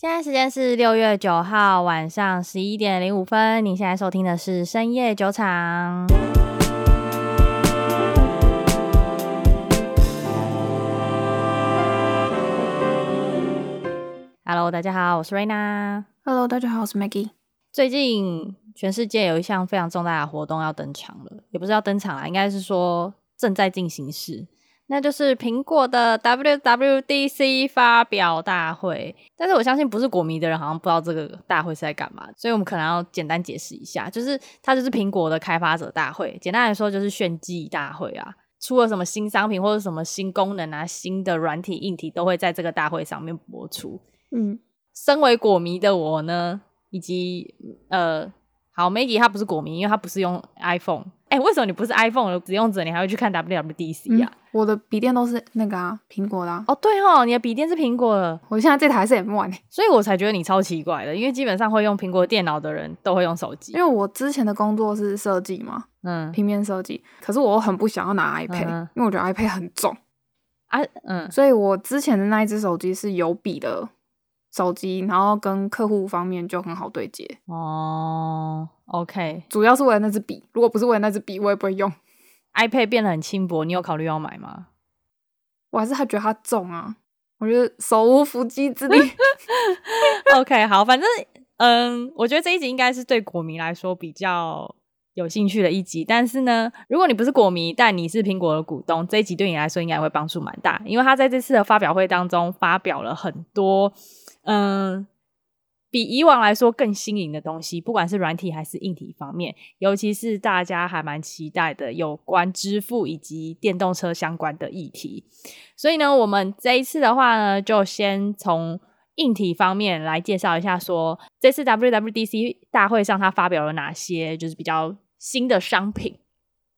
現在時間是六月九號晚上十一點零五分。你現在收聽的是深夜酒場。 Hello，大家好，我是瑞娜。Hello，大家好，我是 Maggie。最近全世界有一項非常重大的活動要登場了，也不是要登場啦，應該是說正在進行式。那就是蘋果的 WWDC 發表大會，但是我相信不是果迷的人好像不知道這個大會是在幹嘛，所以我們可能要簡單解釋一下，就是它就是蘋果的開發者大會，簡單來說就是炫技大會啊，出了什麼新商品、或者什麼新功能啊，新的軟體、硬體都會在這個大會上面播出。嗯，身為果迷的我呢，以及呃，好 Maggie 她不是果迷，因為她不是用 iPhone。哎、欸，為什麼你不是 iPhone 的使用者，你還會去看 WWDC 啊？嗯、我的筆電都是那個啊，蘋果的、啊。哦，對哦，你的筆電是蘋果，的。我現在這台是 M1，所以我才覺得你超奇怪的，因為基本上會用蘋果電腦的人都會用手機。因為我之前的工作是設計嘛，嗯，平面設計，可是我很不想要拿 iPad，、嗯、因為我覺得 iPad 很重啊，嗯，所以我之前的那一支手機是有筆的手機，然後跟客戶方面就很好對接。哦。OK，主要是為了那支筆。如果不是為了那支筆，我也不會用。iPad 變得很輕薄，你有考慮要買嗎？我還是還覺得它重啊，我覺得手無縛雞之力。 OK，好，反正嗯，我覺得這一集應該是對果迷來說比較有興趣的一集。但是呢，如果你不是果迷，但你是蘋果的股東，這一集對你來說應該會幫助蠻大，因為他在這次的發表會當中發表了很多嗯。比以往來說更新穎的東西，不管是軟體還是硬體方面，尤其是大家還蠻期待的有關支付以及電動車相關的議題。所以呢，我們這一次的話呢，就先從硬體方面來介紹一下說，這次 WWDC 大會上他發表了哪些就是比較新的商品。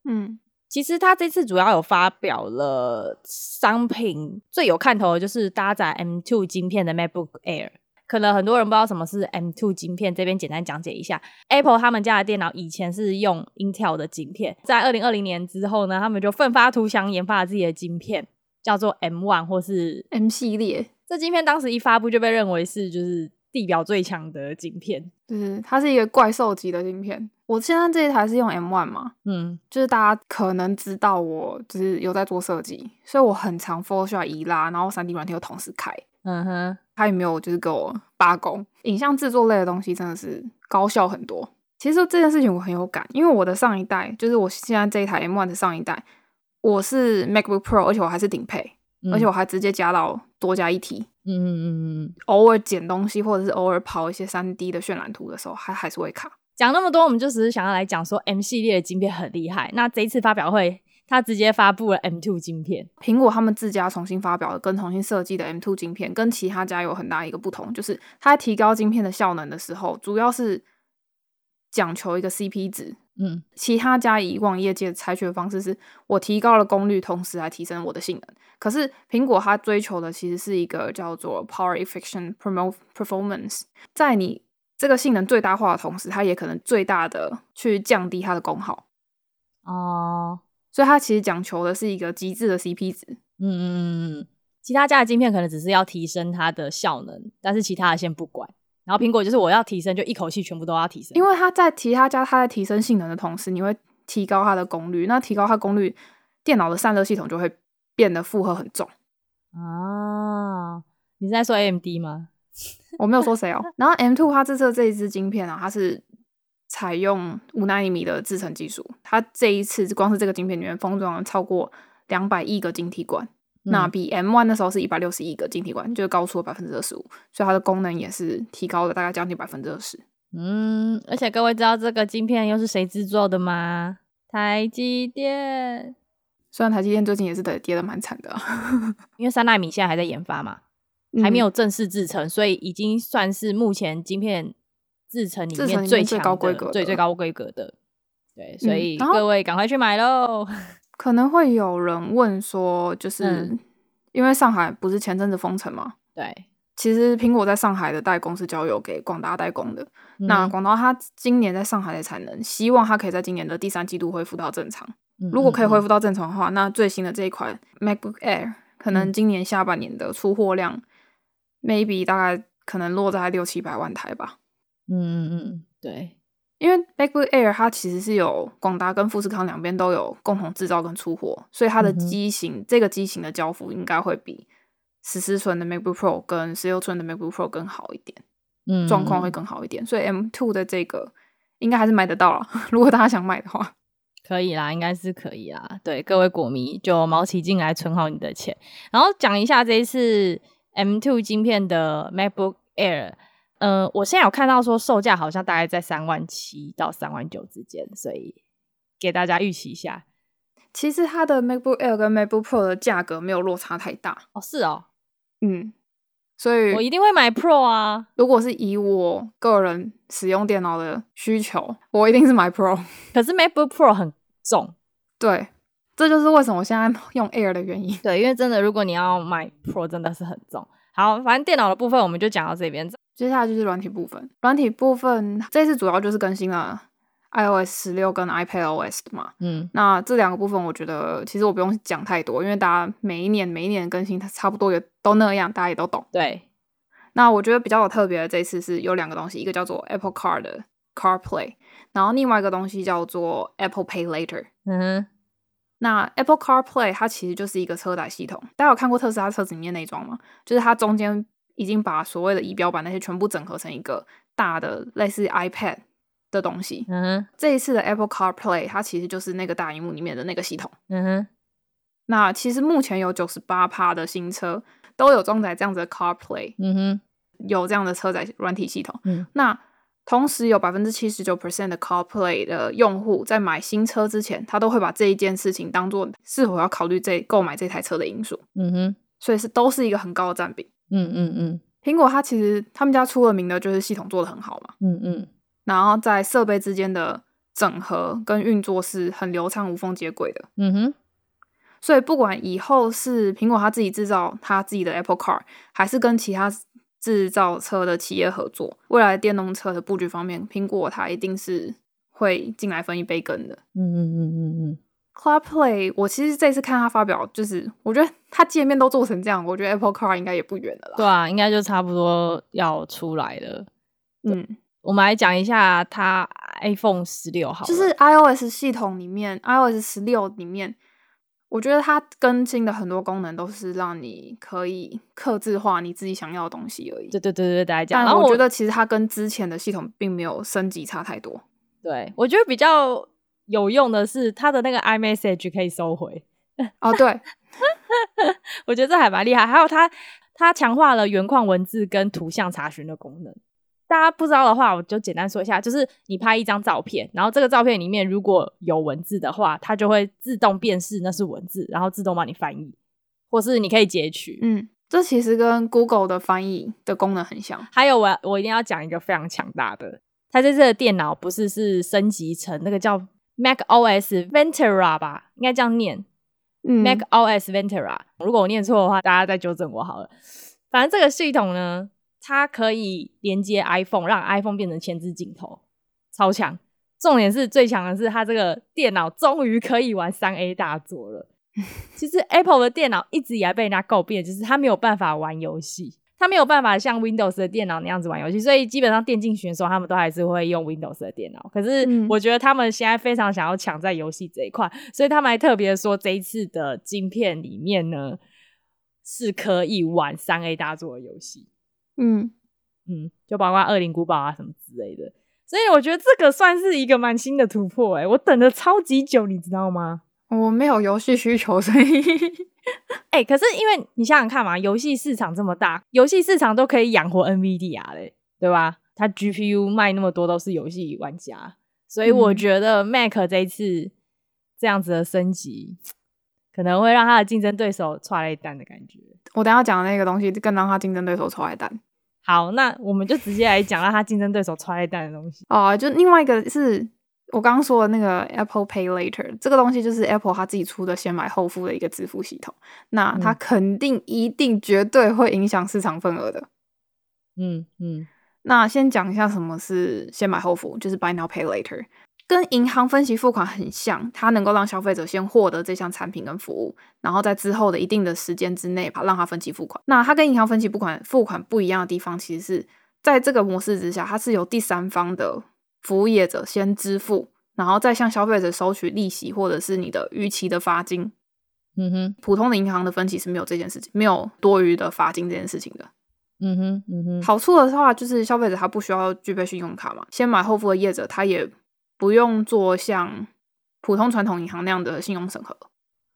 嗯，其實他這次主要有發表了商品最有看頭的就是搭載 M2 晶片的 MacBook Air。可能很多人不知道什麼是 M2 鏡片，這邊簡單講解一下。Apple 他們家的電腦以前是用 Intel 的鏡片，在二零二零年之後呢，他們就奮發圖強研發了自己的鏡片，叫做 M1 或是 M 系列。這鏡片當時一發布就被認為是就是地表最強的鏡片，就是它是一個怪獸級的鏡片。我現在這一台是用 M1 嘛，嗯，就是大家可能知道我就是有在做設計，所以我很常 f h o t o s h o 拉，然後 3D 軟體又同時開。嗯哼，他也沒有就是給我罷工。影像製作類的東西真的是高效很多。其實這件事情我很有感，因為我的上一代就是我現在這一台 M1 的上一代，我是 MacBook Pro，而且我還是頂配、嗯，而且我還直接加到多加一體。嗯嗯嗯嗯。偶爾剪東西或者是偶爾跑一些 3D 的渲染圖的時候，還還是會卡。講那麼多，我們就只是想要來講說 M 系列的晶片很厲害。那這一次發表會。他直接發佈了 M2 晶片，蘋果他們自家重新發表的、跟重新設計的 M2 晶片，跟其他家有很大一個不同，就是它提高晶片的效能的時候，主要是講求一個 CP 值。嗯，其他家以往業界採取的方式是，我提高了功率，同時來提升我的性能。可是蘋果它追求的其實是一個叫做 Power Efficient Promote Performance，在你這個性能最大化的同時，它也可能最大的去降低它的功耗。哦。所以它其實講求的是一個極致的 CP 值。嗯嗯嗯嗯，其他家的晶片可能只是要提升它的效能，但是其他的先不管。然後蘋果就是我要提升，就一口氣全部都要提升。因為它在其他家，它在提升性能的同時，你會提高它的功率。那提高它功率，電腦的散熱系統就會變得負荷很重。啊，你是在說 AMD 嗎？我沒有說誰哦。 然後 M two 它作的這次這一支晶片啊，它是。採用5納米的制成技術，它這一次光是這個晶片裡面封裝超過兩百億個晶體管，嗯、那比 M one 的時候是一百六十億個晶體管，就高出百分之二十五，所以它的功能也是提高了大概將近百分之二十。嗯，而且各位知道這個晶片又是誰制作的嗎？台積電。雖然台積電最近也是得跌跌的蠻慘的， 因為三納米現在還在研發嘛，還沒有正式制成、嗯，所以已經算是目前晶片。製成裡，最，自成裡最高規格、最最高規格的，對，所以，嗯哦、各位趕快去買嘍！可能會有人問說，就是，嗯、因為上海不是前陣子封城嘛，對，其實蘋果在上海的代工是交由給廣達代工的。嗯、那廣達它今年在上海的產能，希望它可以在今年的第三季度恢復到正常。嗯。如果可以恢復到正常的話，那最新的這一款，嗯、MacBook Air 可能今年下半年的出貨量，maybe，嗯、大概可能落在六七百萬台吧。嗯嗯嗯，對，因為 MacBook Air 它其實是有廣達跟富士康兩邊都有共同製造跟出貨，所以它的機型、嗯、這個機型的交付應該會比十四寸的 MacBook Pro 跟十六寸的 MacBook Pro 更好一點，嗯，狀況會更好一點，所以 M2 的這個應該還是買得到，如果大家想買的話，可以啦，應該是可以啦。對，各位果迷就卯起勁來存好你的錢，然後講一下這一次 M2 晶片的 MacBook Air。嗯，我現在有看到說售價好像大概在三萬七到三萬九之間，所以給大家預期一下。其實它的 MacBook Air 跟 MacBook Pro 的價格沒有落差太大。哦，是哦，嗯，所以我一定會買 Pro 啊。如果是以我個人使用電腦的需求，我一定是買 Pro。可是 MacBook Pro 很重，對，這就是為什麼我現在用 Air 的原因。對，因為真的，如果你要買 Pro，真的是很重。好，反正電腦的部分我們就講到這邊。接下來就是軟體部分，軟體部分這次主要就是更新了 iOS 十六跟 iPadOS 的嘛。嗯，那這兩個部分，我覺得其實我不用講太多，因為大家每一年每一年的更新，它差不多也都那樣，大家也都懂。對。那我覺得比較有特別的這次是有兩個東西，一個叫做 Apple Car 的 CarPlay，然後另外一個東西叫做 Apple Pay Later。嗯哼。那 Apple CarPlay 它其實就是一個車載系統，大家有看過特斯拉車子裡面那一那裝嗎？就是它中間。已經把所謂的儀表板那些全部整合成一個大的類似 iPad 的東西。嗯哼，這一次的 Apple CarPlay 它其實就是那個大熒幕裡面的那個系統。嗯哼，那其實目前有九十八趴的新車都有裝載這樣子的 CarPlay。嗯哼，有這樣的車載軟體系統。嗯，那同時有百分之七十九 percent 的 CarPlay 的用戶在買新車之前，他都會把這一件事情當做是否要考慮這購買這台車的因素。嗯哼，所以是都是一個很高的占比。嗯嗯嗯，蘋果它其實他們家出了名的就是系統做得很好嘛，嗯嗯，然後在設備之間的整合跟運作是很流暢無縫接軌的，嗯哼，所以不管以後是蘋果它自己製造它自己的 Apple Car，還是跟其他製造車的企業合作，未來電動車的佈局方面，蘋果它一定是會進來分一杯羹的，嗯嗯嗯嗯嗯。嗯嗯 c l u d p l a y 我其實這次看他發表，就是我覺得他界面都做成這樣，我覺得 Apple Car 應該也不遠了啦。對啊，應該就差不多要出來了。嗯，我們來講一下它 iPhone 十六號，就是 iOS 系統裡面，iOS 十六裡面，我覺得它更新的很多功能都是讓你可以克制化你自己想要的東西而已。對對對對對，大家講。但我覺得其實它跟之前的系統並沒有升級差太多。對，我覺得比較。有用的是，它的那個 iMessage 可以收回。哦、 oh，對， 我覺得這還蠻厲害。還有它，它它強化了原況文字跟圖像查詢的功能。大家不知道的話，我就簡單說一下，就是你拍一張照片，然後這個照片裡面如果有文字的話，它就會自動辨識那是文字，然後自動幫你翻譯，或是你可以截取。嗯，這其實跟 Google 的翻譯的功能很像。還有我，我我一定要講一個非常強大的，它這次的電腦不是是升級成那個叫。Mac OS Ventura 吧，應該這樣念。嗯。Mac OS Ventura，如果我念錯的話，大家再糾正我好了。反正這個系統呢，它可以連接 iPhone，讓 iPhone 變成前置鏡頭，超強。重點是，最強的是它這個電腦終於可以玩三 A 大作了。 其實 Apple 的電腦一直以來被人家詬病，就是它沒有辦法玩遊戲。他沒有辦法像 Windows 的電腦那樣子玩遊戲，所以基本上電競選手他們都還是會用 Windows 的電腦。可是我覺得他們現在非常想要搶在遊戲這一塊，嗯，所以他們還特別說，這一次的晶片裡面呢是可以玩三 A 大作的遊戲，嗯嗯，就包括《惡靈古堡》啊什麼之類的。所以我覺得這個算是一個蠻新的突破。欸，哎，我等了超級久，你知道嗎？我沒有遊戲需求，所以。哎、 欸，可是因為你想想看嘛，遊戲市場這麼大，遊戲市場都可以養活 NVIDIA 嘞、欸，對吧？它 GPU 賣那麼多都是遊戲玩家，所以我覺得 Mac 這一次這樣子的升級，可能會讓他的競爭對手剉咧等的感覺。我等一下講的那個東西，更讓他競爭對手剉咧等。好，那我們就直接來講讓他競爭對手剉咧等的東西。哦，就另外一個是。我剛剛說的那個 Apple Pay Later 這個東西就是 Apple 他自己出的先買後付的一個支付系統，那它肯定一定絕對會影響市場份額的。嗯嗯，嗯。那先講一下什麼是先買後付，就是 Buy Now Pay Later，跟銀行分期付款很像，它能夠讓消費者先獲得這項產品跟服務，然後在之後的一定的時間之內吧，讓他分期付款。那它跟銀行分期付款付款不一樣的地方，其實是在這個模式之下，它是有第三方的。服務業者先支付，然後再向消費者收取利息或者是你的逾期的罰金。嗯哼，普通的銀行的分期是沒有這件事情，沒有多餘的罰金這件事情的。嗯哼，嗯哼。好處的話就是消費者他不需要具備信用卡嘛，先買後付的業者他也不用做像普通傳統銀行那樣的信用審核，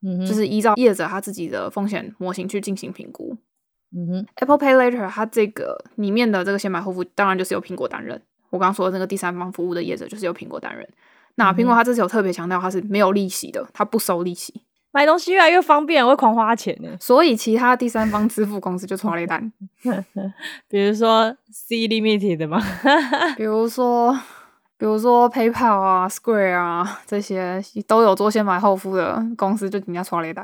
嗯哼，就是依照業者他自己的風險模型去進行評估。嗯哼，Apple Pay Later 它這個裡面的這個先買後付，當然就是由蘋果擔任。我剛剛說的那個第三方服務的業者，就是由蘋果擔任。那蘋果它這次有特別強調，它是沒有利息的，它不收利息。買東西越來越方便，我會狂花錢。所以其他第三方支付公司就剉咧等， 比如說 C Limited 嘛， 比如說，比如說 PayPal 啊，Square 啊，這些都有做先買後付的公司，就人家剉咧等。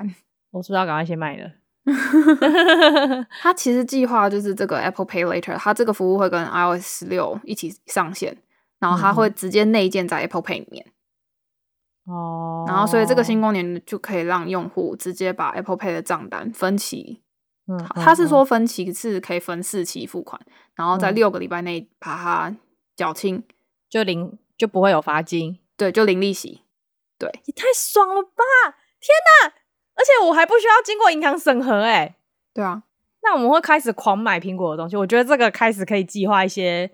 我是不是要趕快先買了？它 其實計劃就是這個 Apple Pay Later，它這個服務會跟 iOS 16一起上線，然後它會直接內建在 Apple Pay 裡面。哦、嗯，然後所以這個新功能就可以讓用戶直接把 Apple Pay 的賬單分期。它、嗯、是說分期是可以分四期付款，然後在六個禮拜內把它繳清，就零就不會有罰金，對，就零利息。對，也太爽了吧！天哪！而且我還不需要經過銀行審核，哎、欸，對啊，那我們會開始狂買蘋果的東西。我覺得這個開始可以計劃一些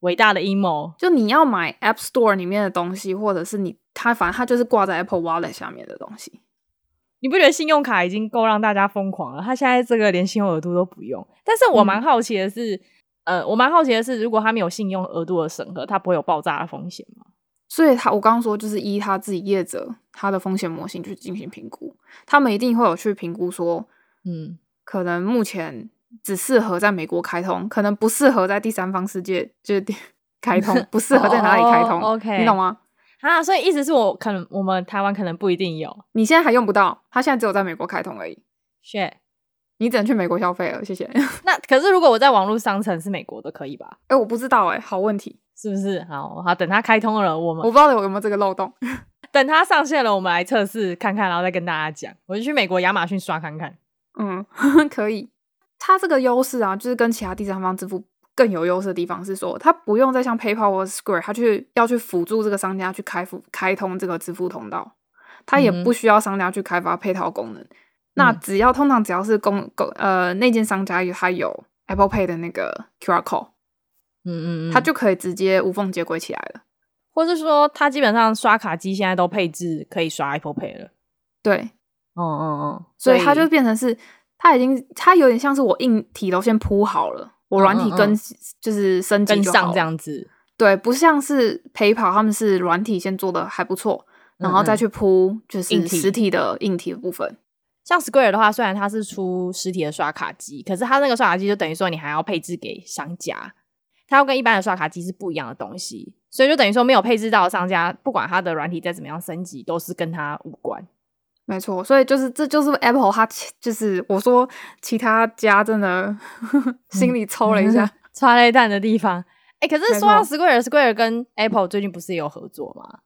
偉大的陰謀。就你要買 App Store 裡面的東西，或者是你他反正他就是掛在 Apple Wallet 下面的東西。你不覺得信用卡已經夠讓大家瘋狂了？他現在這個連信用額度都不用，但是我蠻好奇的是，嗯、呃，我蠻好奇的是，如果他沒有信用額度的審核，他不會有爆炸的風險嗎？所以他，他我剛剛說，就是依他自己業者他的風險模型去進行評估，他們一定會有去評估說，嗯，可能目前只適合在美國開通，可能不適合在第三方世界就是、開通， 不適合在哪裡開通、 Oh, OK，你懂嗎？啊，所以意思是我可能我們台灣可能不一定有，你現在還用不到，他現在只有在美國開通而已 s、Sure. 你只能去美國消費了，謝謝。 那可是如果我在網絡商城是美國的，可以吧？哎，我不知道、欸，哎，好問題。是不是？好好等它開通了，我們我不知道我有沒有這個漏洞。 等它上線了，我們來測試看看，然後再跟大家講。我就去美國亞馬遜刷看看。嗯，可以。它這個優勢啊，就是跟其他第三方支付更有優勢的地方是說，它不用再像 PayPal 或 Square，它去要去輔助這個商家去開付開通這個支付通道，它也不需要商家去開發配套功能。嗯、那只要通常只要是供公呃那間商家，它有 Apple Pay 的那個 QR code。嗯,嗯嗯，它就可以直接無縫接軌起來了，或是說，它基本上刷卡機現在都配置可以刷 Apple Pay 了。對，嗯嗯嗯，所以,所以它就變成是它已經它有點像是我硬體都先鋪好了，我軟體跟嗯嗯嗯就是升級跟上這樣子。對，不像是 PayPal，他們是軟體先做的還不錯，然後再去鋪就是實體的硬體的部分嗯嗯。像 Square 的話，雖然它是出實體的刷卡機，可是它那個刷卡機就等於說你還要配置給商家。它要跟一般的刷卡機是不一樣的東西，所以就等於說沒有配置到的商家，不管它的軟體再怎麼樣升級，都是跟它無關。沒錯，所以就是這就是 Apple，它就是我說其他家真的 心裡抽了一下、嗯嗯、穿了一彈的地方。誒、欸，可是說到 Square Square 跟 Apple 最近不是有合作嗎？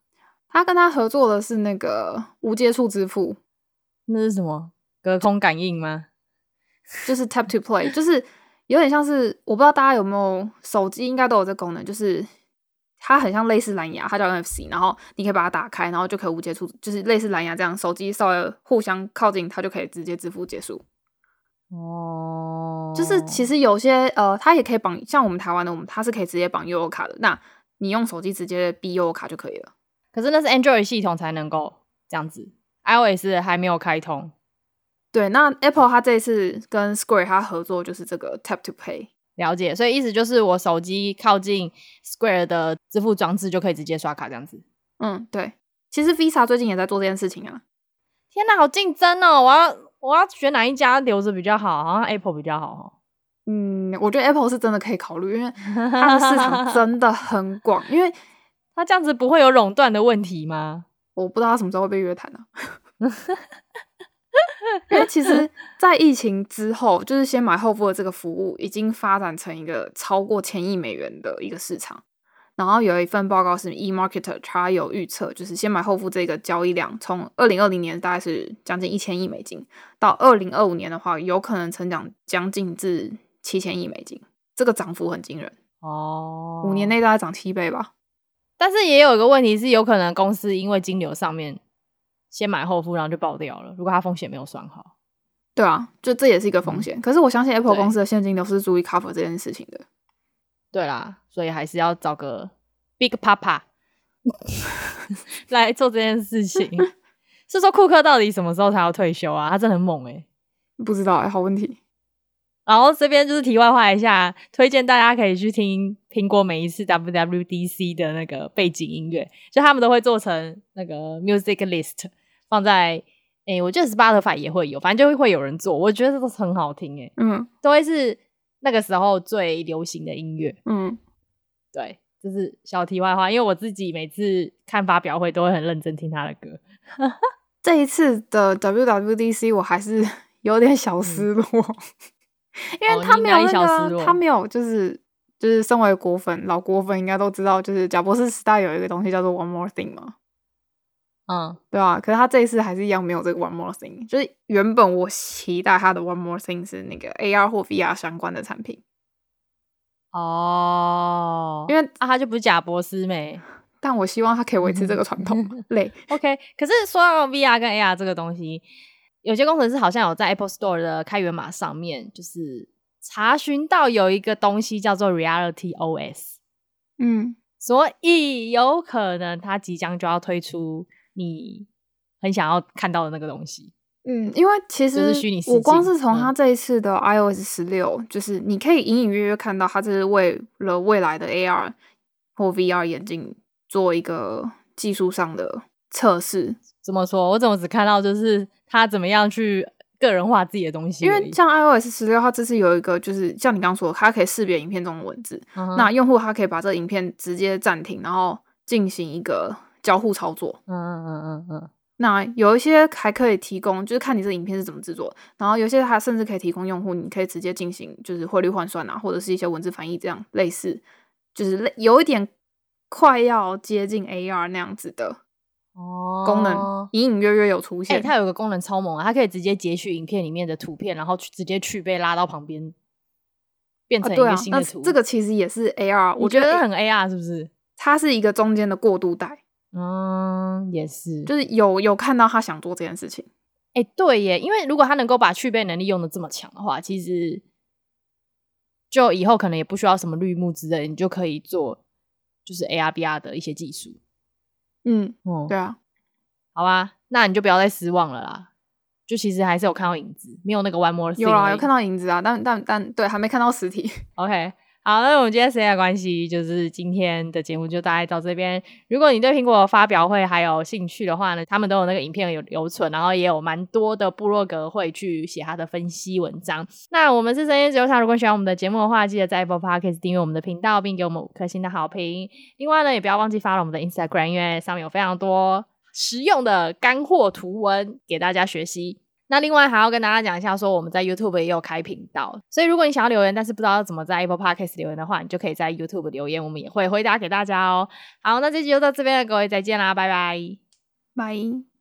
他跟他合作的是那個無接觸支付，那是什麼？隔空感應嗎？ 就是 Tap to Play，就是。有點像是我不知道大家有沒有手機，應該都有這功能，就是它很像類似藍牙，它叫 NFC，然後你可以把它打開，然後就可以無接觸，就是類似藍牙這樣，手機稍微互相靠近，它就可以直接支付結束。哦，就是其實有些呃，它也可以綁，像我們台灣的我們，它是可以直接綁悠遊卡的，那你用手機直接 B 悠遊卡就可以了。可是那是 Android 系統才能夠這樣子，iOS 還沒有開通。對，那 Apple 它這一次跟 Square 它合作就是這個 Tap to Pay，了解。所以意思就是我手機靠近 Square 的支付裝置就可以直接刷卡這樣子。嗯，對。其實 Visa 最近也在做這件事情啊。天哪，好競爭哦！我要我要選哪一家留着比較好？好像 Apple 比較好。嗯，我覺得 Apple 是真的可以考慮，因為它的市場真的很廣。 因為它這樣子不會有壟斷的問題嗎？我不知道它什麼時候會被約談啊 其實，在疫情之後，就是先買後付的這個服務已經發展成一個超過千億美元的一個市場。然後有一份報告是 eMarketer 他有預測，就是先買後付這個交易量，從二零二零年大概是將近一千億美金，到二零二五年的話，有可能成長將近至七千億美金，這個漲幅很驚人哦，五年內大概漲七倍吧。但是也有一個問題是，有可能公司因為金流上面。先買後付，然後就爆掉了。如果他風險沒有算好，對啊，就這也是一個風險，嗯。可是我相信 Apple 公司的現金都是足以 cover 這件事情的對。對啦，所以還是要找個 Big Papa 來做這件事情。 是說庫克到底什麼時候才要退休啊？他真的很猛哎，欸，不知道哎，欸，好問題。然後這邊就是題外話一下，推薦大家可以去聽蘋果每一次 WWDC 的那個背景音樂，就他們都會做成那個 Music List。放在哎、欸，我覺得 Spotify 也會有，反正就會有人做。我覺得都是很好聽誒、欸、嗯，都會是那個時候最流行的音樂。嗯，對，就是小題外話、話，因為我自己每次看發表會都會很認真聽他的歌。呵呵，這一次的 WWDC 我還是有點小失落，嗯、 因為他沒有那個、哦，他沒有就是就是身為果粉老果粉應該都知道，就是賈伯斯時代有一個東西叫做 One More Thing 嘛？嗯，對啊，可是他這一次還是一樣沒有這個 one more thing，就是原本我期待他的 one more thing 是那個 AR 或 VR 相關的產品哦，因為、啊、他就不是賈伯斯咩，但我希望他可以維持這個傳統類。嗯、 OK，可是說到 VR 跟 AR 這個東西，有些工程師好像有在 Apple Store 的開源碼上面，就是查詢到有一個東西叫做 Reality O S，嗯，所以有可能他即將就要推出。你很想要看到的那個東西，嗯，因為其實我光是從他這一次的 iOS 十、嗯、六，就是你可以隱隱約約看到，他這是為了未來的 AR 或 VR 眼鏡做一個技術上的測試。怎麼說？我怎麼只看到就是他怎麼樣去個人化自己的東西？因為像 iOS 十六它這是有一個，就是像你剛說，它可以識別影片中的文字，嗯、那用戶他可以把這影片直接暫停，然後進行一個交互操作，嗯嗯嗯嗯嗯，那有一些還可以提供，就是看你這影片是怎麼製作，然後有些它甚至可以提供用戶，你可以直接進行就是匯率換算啊，或者是一些文字翻譯這樣類似，就是類有一點快要接近 AR 那樣子的哦功能，隱、哦、隱約約有出現。欸、它有個功能超猛啊，它可以直接截取影片裡面的圖片，然後去直接去被拉到旁邊，變成一張新圖。啊啊這個其實也是 AR，我覺得很 AR，是不是？它是一個中間的過渡帶。嗯，也是，就是有有看到他想做這件事情，哎、欸，對耶，因為如果他能夠把去背能力用的這麼強的話，其實就以後可能也不需要什麼綠幕之類，你就可以做就是 ARBR 的一些技術。嗯，哦，對啊，好吧，那你就不要再失望了啦，就其實還是有看到影子，沒有那個 One More Thing。有啊，有看到影子啊，但但但對，還沒看到實體。OK。好，那我們今天時間的關係，就是今天的節目就大概到這邊。如果你對蘋果的發表會還有興趣的話呢，他們都有那個影片有留存，然後也有蠻多的部落格會去寫他的分析文章。那我們是深夜自由場，如果喜歡我們的節目的話，記得在 Apple Podcast 訂閱我們的頻道，並給我們五顆星的好評。另外呢，也不要忘記 follow 我們的 Instagram，因為上面有非常多實用的乾貨圖文給大家學習。那另外還要跟大家講一下，說我們在 YouTube 也有開頻道，所以如果你想要留言，但是不知道怎麼在 Apple Podcast 留言的話，你就可以在 YouTube 留言，我們也會回答給大家哦。好，那這集就到這邊了，各位再見啦，拜拜，拜。